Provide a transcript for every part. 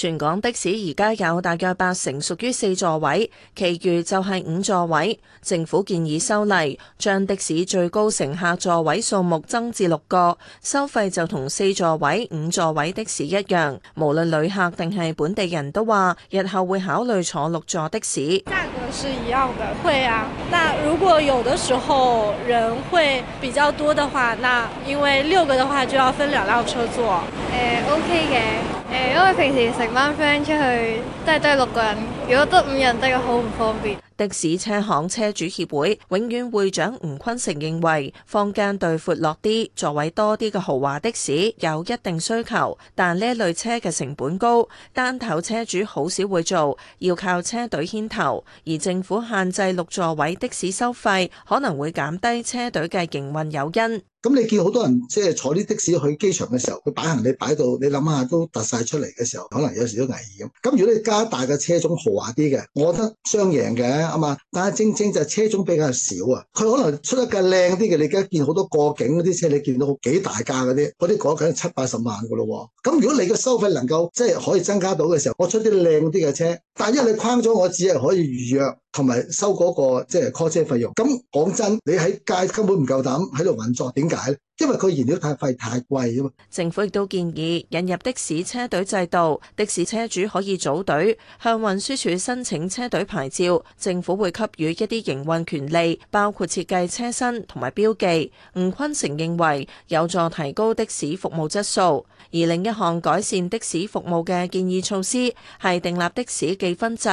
全港的士而家有大約八成屬於四座位，其餘就係五座位。政府建議修例，將的士最高乘客座位數目增至六個，收費就同四座位、五座位的士一樣。無論旅客定係本地人都話，日後會考慮坐六座的士。價格是一樣的，會啊。但如果有的時候人會比較多的話，那因為六個的話就要分兩輛車坐。誒、欸，OK 嘅。誒，因為平時成班 friend 出去都係，都係六個人，如果得五人真係好唔方便。的士車行車主協會永遠會長吳坤成認為，坊間對闊落啲、座位多啲嘅豪華的士有一定需求，但呢類車嘅成本高，單頭車主好少會做，要靠車隊牽頭。而政府限制六座位的士收費，可能會減低車隊嘅營運誘因。咁你見好多人即係坐啲的士去機場嘅時候，佢擺行李擺到你諗下都凸晒出嚟嘅時候，可能有時都危險。咁如果你加大嘅車種豪華啲嘅，我覺得雙贏嘅。啊嘛，但係正正就係車種比較少啊，佢可能出一架靚啲嘅，你而家見好多過境嗰啲車，你見到幾大架嗰啲，嗰啲講緊七八十萬噶咯喎，咁如果你嘅收費能夠即係可以增加到嘅時候，我出啲靚啲嘅車，但係因為你框咗，我只係可以預約。同埋收嗰個即係 call 車費用。咁講真，你喺街根本唔夠膽喺度運作，點解呢？因為佢燃料費太貴啊嘛。政府亦都建議引入的士車隊制度，的士車主可以組隊向運輸署申請車隊牌照，政府會給予一啲營運權利，包括設計車身同埋標記，吳昆成認為有助提高的士服務質素。而另一項改善的士服務嘅建議措施係訂立的士記分制，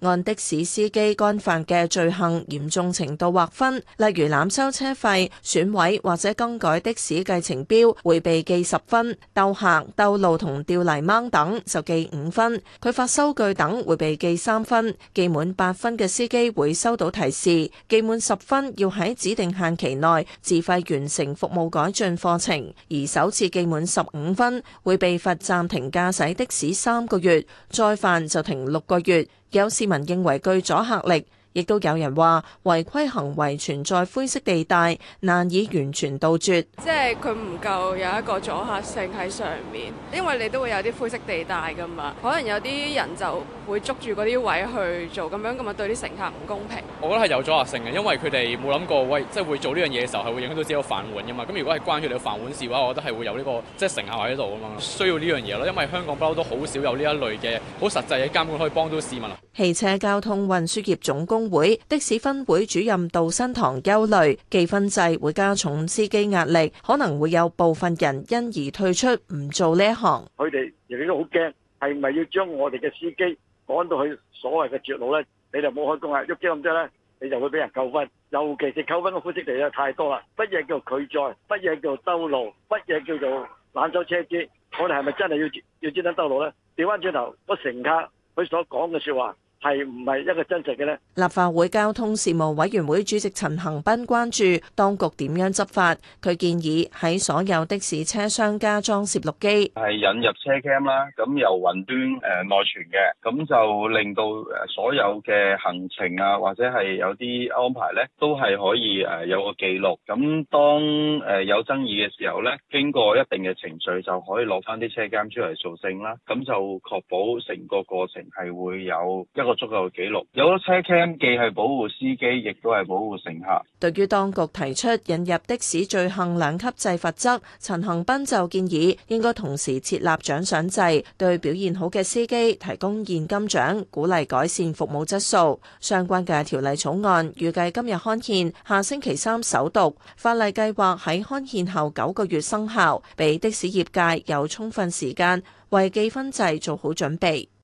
按的士司機。干犯嘅罪行嚴重程度劃分，例如濫收車費、損毀或者更改的士計程表，會被記十分；兜客、兜路同吊泥掹等就記五分；拒發收據等會被記三分。記滿八分嘅司機會收到提示，記滿十分要喺指定限期內自費完成服務改進課程。而首次記滿十五分，會被罰暫停駕駛的士三個月，再犯就停六個月。有市民認為拒阻客力，亦都有人話違規行為存在灰色地帶，難以完全杜絕。即係佢唔夠有一個阻嚇性喺上面，因為你都會有啲灰色地帶㗎嘛，可能有啲人就。會捉住嗰啲位去做，咁樣咁啊對啲乘客唔公平。我覺得係有阻嚇性嘅，因為佢哋冇諗過，喂，即係會做呢樣嘢嘅時候係會影響到自己個飯碗噶嘛。咁如果係關住你個飯碗事嘅話，我覺得係會有呢個即係乘客喺度啊嘛，需要呢樣嘢咯。因為香港不嬲都好少有呢一類嘅好實際嘅監管可以幫到市民。汽車交通運輸業總工會的士分會主任杜新堂憂慮，記分制會加重司機壓力，可能會有部分人因而退出唔做呢一行。佢哋亦都好驚，係咪要將我哋嘅司機？講到去所謂嘅絕路咧，你就冇開工啊，喐幾咁之後咧，你就會俾人扣分。尤其是扣分嘅灰色地咧，太多啦，乜嘢叫拒載，乜嘢叫兜路，乜嘢叫做攔走車資，我哋係咪真係要要專登兜路咧？調翻轉頭，個乘客佢所講嘅說話。係唔係一個真實嘅咧？立法會交通事務委員會主席陳恆鑌關注當局點樣執法，佢建議喺所有的士車廂加裝攝錄機，係引入車 cam 啦，咁由雲端誒內存嘅，咁就令到誒所有嘅行程啊，或者係有啲安排咧，都係可以誒有個記錄。咁當誒有爭議嘅時候咧，經過一定嘅程序就可以攞翻啲車 cam 出嚟作證啦。咁就確保成個過程係會有一個足夠嘅記錄，有咗車 cam 既係保護司機，亦都係保護乘客。對於當局提出引入的士罪行兩級制法則，陳恒斌就建議應該同時設立獎賞制，對表現好嘅司機提供現金獎，鼓勵改善服務質素。相關嘅條例草案預計今日刊憲，下星期三首讀。法例計劃喺刊憲後九個月生效，俾的士業界有充分時間為記分制做好準備。